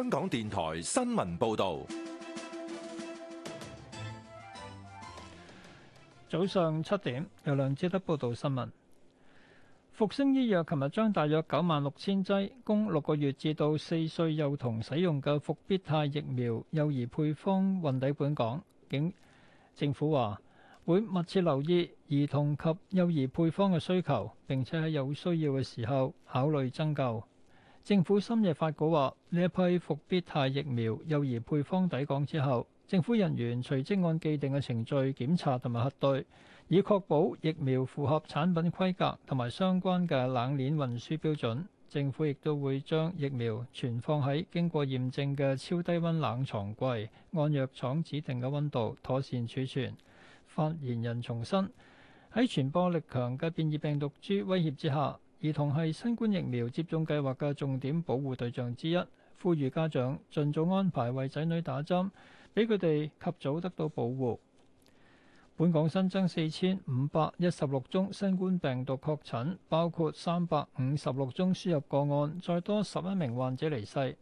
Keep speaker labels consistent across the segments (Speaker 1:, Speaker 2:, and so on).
Speaker 1: 香港電台新聞報道，
Speaker 2: 早上七點由梁志德報道新聞。復星醫藥琴日將大約九萬六千劑供六個月至到四歲幼童使用嘅復必泰疫苗幼兒配方運抵本港。警，政府話會密切留意兒童及幼兒配方嘅需求，並且喺有需要嘅時候考慮增購。政府深夜發稿話：呢一批復必泰疫苗幼兒配方抵港之後，政府人員隨即按既定嘅程序檢查同埋核對，以確保疫苗符合產品規格同埋相關嘅冷鏈運輸標準。政府亦都會將疫苗存放喺經過驗證嘅超低温冷藏櫃，按藥廠指定嘅温度妥善儲存。發言人重申：喺傳播力強嘅變異病毒株威脅之下，兒童係新冠疫苗接種計劃嘅重點保護對象之一，呼籲家長盡早安排為仔女打針，俾佢哋及早得到保護。本港新增四千五百一十六宗新冠病毒確診，包括三百五十六宗輸入個案，再多十一名患者離世。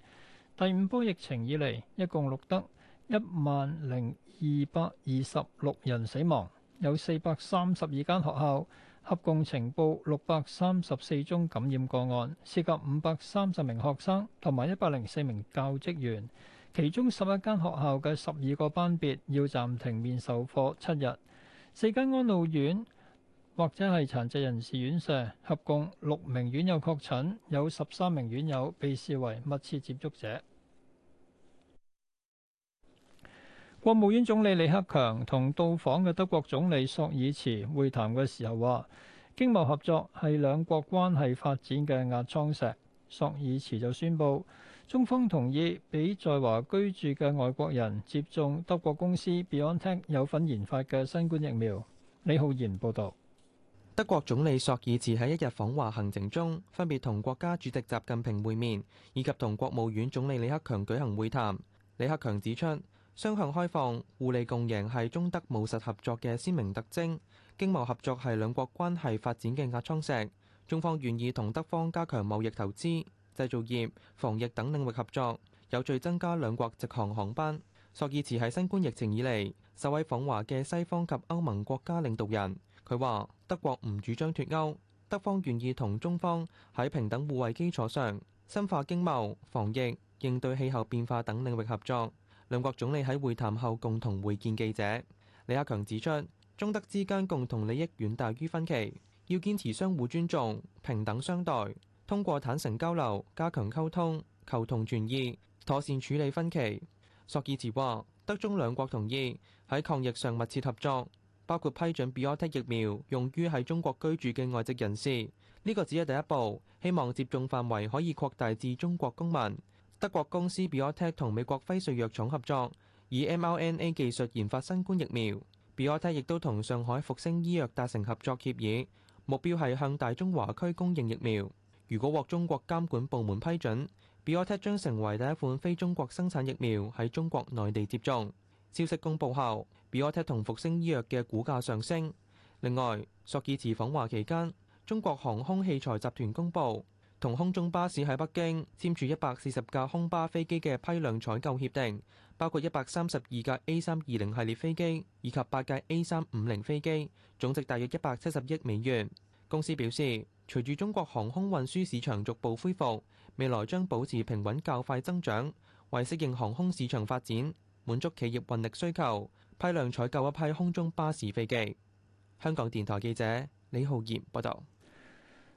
Speaker 2: 第五波疫情以嚟，一共錄得一萬零二百二十六人死亡，有四百三十二間學校，合共呈報六百三十四宗感染個案，涉及五百三十名學生同埋一百零四名教職員，其中十一間學校嘅十二個班別要暫停面授課七日，四間安老院或者係殘疾人士院舍合共六名院友確診，有十三名院友被視為密切接觸者。國務院總理李克強同到訪嘅德國總理朔爾茨會談嘅時候話，經貿合作係兩國關係發展嘅壓艙石。朔爾茨就宣布，中方同意俾在華居住嘅外國人接種德國公司 BioNTech 有份研發嘅新冠疫苗。李浩然報導。德國總理朔爾茨喺一日訪華行程
Speaker 1: 中，分別同國家主席習近平會面，以及同國務院總理李克強舉行會談。李克強指出，雙向開放、互利共贏係中德務實合作嘅鮮明特徵。經貿合作係兩國關係發展嘅壓艙石。中方願意同德方加強貿易投資、投資、製造業、防疫等領域合作，有序增加兩國直航航班。索爾茨係新冠疫情以嚟首位訪華嘅西方及歐盟國家領導人。佢話：德國唔主張脫歐，德方願意同中方喺平等互惠基礎上深化經貿、防疫、應對氣候變化等領域合作。兩國總理喺會談後共同會見記者，李克強指出，中德之間共同利益遠大於分歧，要堅持相互尊重、平等相待，通過坦誠交流加強溝通，求同存異，妥善處理分歧。朔爾茨話，德中兩國同意喺抗疫上密切合作，包括批准 BioNTech 疫苗用於喺中國居住嘅外籍人士，呢、這個只係第一步，希望接種範圍可以擴大至中國公民。德國公司 BioNTech 同美國輝瑞藥廠合作，以 mRNA 技術研發新冠疫苗。BioNTech 亦都同上海復星醫藥達成合作協議，目標係向大中華區供應疫苗。如果獲中國監管部門批准，BioNTech 將成為第一款非中國生產疫苗喺中國內地接種。消息公布後，BioNTech 同復星醫藥嘅股價上升。另外，索爾茨訪華期間，中國航空器材集團公佈。同空中巴士喺北京簽署一百四十架空巴飛機嘅批量採購協定，包括一百三十二架 A 三二零系列飛機以及八架 A 三五零飛機總值大約一百七十億美元。公司表示，隨住中國航空運輸市場逐步恢復，未來將保持平穩較快增長，為適應航空市場發展，滿足企業運力需求，批量採購一批空中巴士飛
Speaker 2: 機。香港電台記者李浩然報道。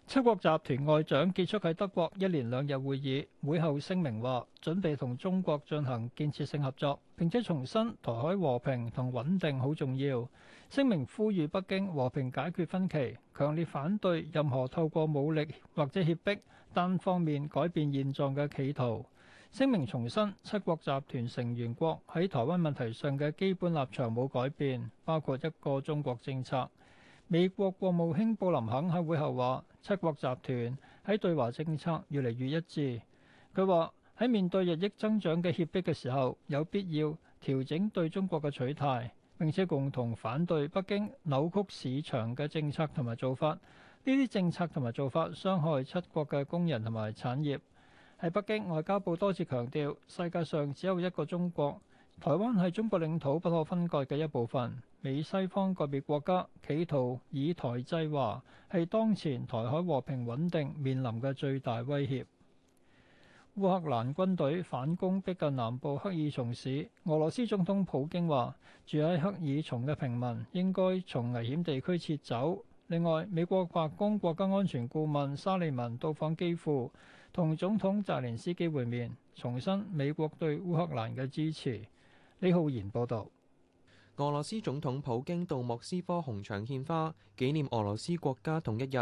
Speaker 2: 七國集團外長結束喺德國一連兩日會議，會後聲明話準備同中國進行建設性合作，並且重申台海和平同穩定好重要。聲明呼籲北京和平解決分歧，強烈反對任何透過武力或者脅迫單方面改變現狀嘅企圖。聲明重申，七國集團成員國喺台灣問題上嘅基本立場冇改變，包括一個中國政策。美國國務卿布林肯喺會後話：七國集團喺對華政策越嚟越一致。佢話喺面對日益增長嘅脅迫嘅時候，有必要調整對中國嘅取態，並且共同反對北京扭曲市場嘅政策同埋做法。呢啲政策同埋做法傷害七國嘅工人同埋產業。喺北京外交部多次強調：世界上只有一個中國。台灣係中國領土不可分割嘅一部分。美西方個別國家企圖以台制華，係當前台海和平穩定面臨嘅最大威脅。烏克蘭軍隊反攻逼近南部克爾松市，俄羅斯總統普京話：住喺赫爾松嘅平民應該從危險地區撤走。另外，美國白宮國家安全顧問沙利文到訪基輔，同總統澤連斯基會面，重申美國對烏克蘭嘅支持。李浩然報道：俄羅斯總統普京到莫
Speaker 1: 斯科紅場獻花，紀念俄羅斯國家同一日。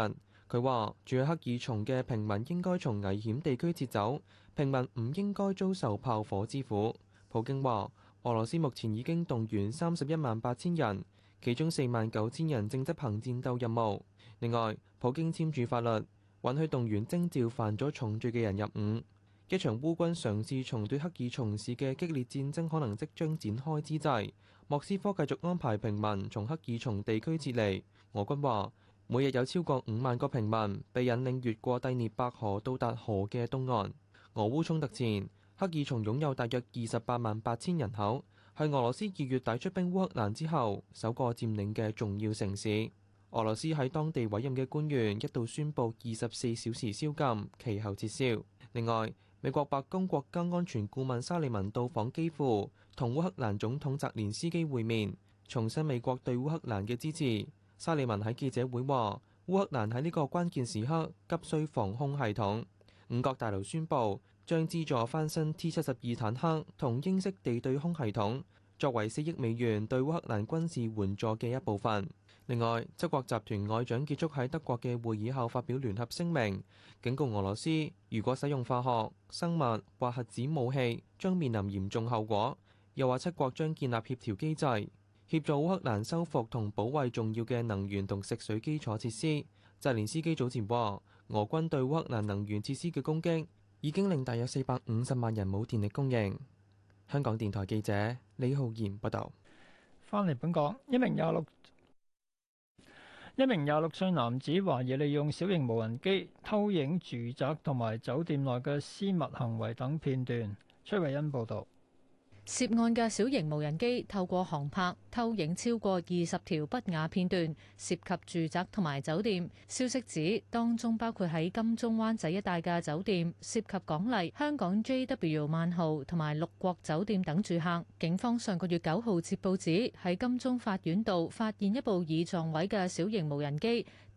Speaker 1: 佢話：住喺克爾松嘅平民應該從危險地區撤走，平民唔應該遭受炮火之苦。普京話：俄羅斯目前已經動員三十一萬八千人，其中四萬九千人正執行戰鬥任務。另外，普京簽署法律，允許動員徵召犯咗重罪嘅人入伍。一場烏軍嘗試從對赫爾松市嘅激烈戰爭可能即將展開之際，莫斯科繼續安排平民從赫爾松地區撤離，俄軍話每日有超過五萬個平民被引領越過第聶伯河，到達河嘅東岸。俄烏衝突前，赫爾松擁有大約二十八萬八千人口，係俄羅斯二月底出兵烏克蘭之後首個佔領嘅重要城市。俄羅斯喺當地委任嘅官員一度宣布二十四小時宵禁，其後撤銷，另外，美國白宮國家安全顧問沙利文到訪基輔，同烏克蘭總統澤連斯基會面，重申美國對烏克蘭嘅支持。沙利文喺記者會話：烏克蘭喺呢個關鍵時刻急需防空系統。五角大樓宣布將資助翻新 T 七十二坦克同英式地對空系統，作為四億美元對烏克蘭軍事援助嘅一部分。另外，七國集團外長結束喺德國嘅會議後，發表聯合聲明，警告俄羅斯如果使用化學、生物或核子武器，將面臨嚴重後果。又話七國將建立協調機制，協助烏克蘭修復同保衞重要嘅能源同食水基礎設施。澤連斯基早前話，俄軍對烏克蘭能源設施嘅攻擊已經令大約四百五十萬人冇電力供應。香港電台記者李浩然報道。
Speaker 2: 翻嚟本港，一零一六。一名廿六歲男子懷疑利用小型無人機偷影住宅同埋酒店內嘅私密行為等片段。崔慧恩報道。
Speaker 3: 涉案嘅小型無人機透過航拍偷影超過二十條不雅片段，涉及住宅同埋酒店。消息指，當中包括喺金鐘灣仔一帶嘅酒店，涉及港麗、香港 JW 萬豪同埋六國酒店等住客。警方上個月九號接報指，喺金鐘法院道發現一部已撞毀嘅小型無人機。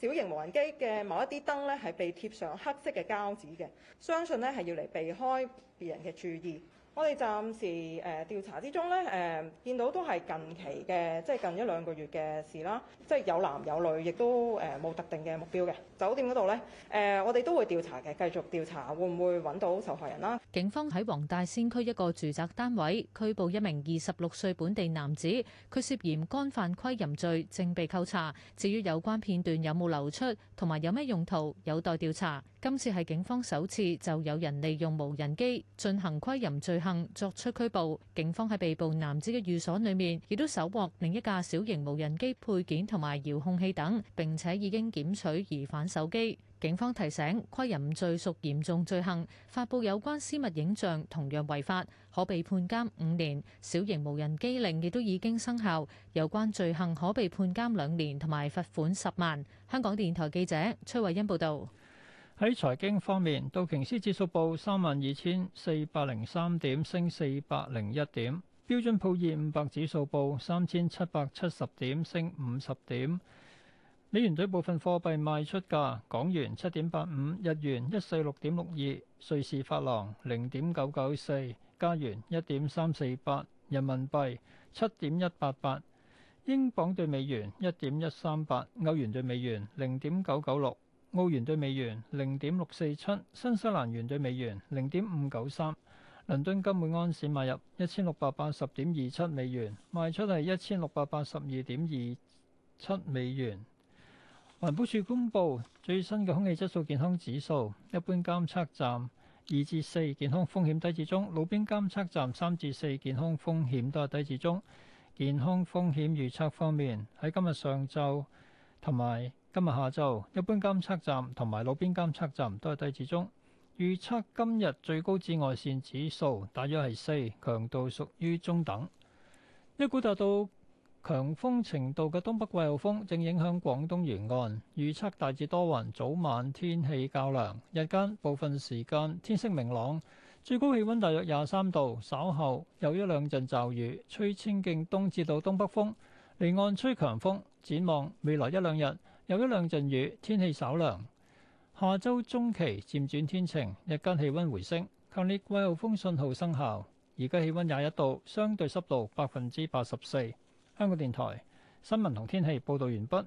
Speaker 1: 小型無人機嘅某一啲燈呢，係被貼上黑色嘅膠紙嘅，相信呢係要嚟避開別人嘅注意。我哋暫時誒調查之中呢誒、呃、見到都係近期嘅，即係近一兩個月嘅事啦。即係有男有女，亦都誒冇特定嘅目標嘅酒店嗰度呢，誒、呃、我哋都會調查嘅，繼續調查會唔會揾到受害人
Speaker 3: 啦、啊。警方喺黃大仙區一個住宅單位拘捕一名二十六歲本地男子，佢涉嫌干犯窺淫罪，正被扣查。至於有關片段有冇流出同埋有咩用途，有待調查。今次係警方首次就有人利用無人機進行窺淫罪行。作出拘捕，警方喺被捕男子嘅寓所裏面亦都搜獲另一架小型無人機配件同埋遙控器等，並且已經檢取疑犯手機。警方提醒，窺淫罪屬嚴重罪行，發佈有關私密影像同樣違法，可被判監五年。小型無人機令亦都已經生效，有關罪行可被判監兩年同埋罰款十萬。香港電台記者崔慧欣報道。喺
Speaker 2: 財經方面，道瓊斯指數報三萬二千四百零三點，升四百零一點；標準普爾五百指數報三千七百七十點，升五十點。美元對部分貨幣賣出價：港元七點八五，日元一四六點六二，瑞士法郎零點九九四，加元一點三四八，人民幣七點一八八，英鎊對美元一點一三八，歐元對美元零點九九六。澳元兌美元零點六四七，新西蘭元兌美元零點五九三，倫敦金每盎司買入一千六百八十點二七美元，賣出係一千六百八十二點二七美元。環保署公布最新嘅空氣質素健康指數，一般監測站二至四健康風險低至中，路邊監測站三至四健康風險都係低至中。健康風險預測方面，喺今日上晝同埋。今日下晝，一般監測站同埋路邊監測站都係低至中。預測今日最高紫外線指數大約係四，強度屬於中等。一股達到強風程度嘅東北季候風正影響廣東沿岸，預測大致多雲，早晚天氣較涼，日間部分時間天色明朗，最高氣溫大約廿三度。稍後有一兩陣驟雨，吹清勁東至到東北風，離岸吹強風。展望未來一兩日。有一兩陣雨，天氣稍涼。下周中期漸轉天晴，日間氣温回升。強烈季候風信號生效，而家氣温廿一度，相對濕度百分之八十四。香港電台新聞同天氣報導完畢。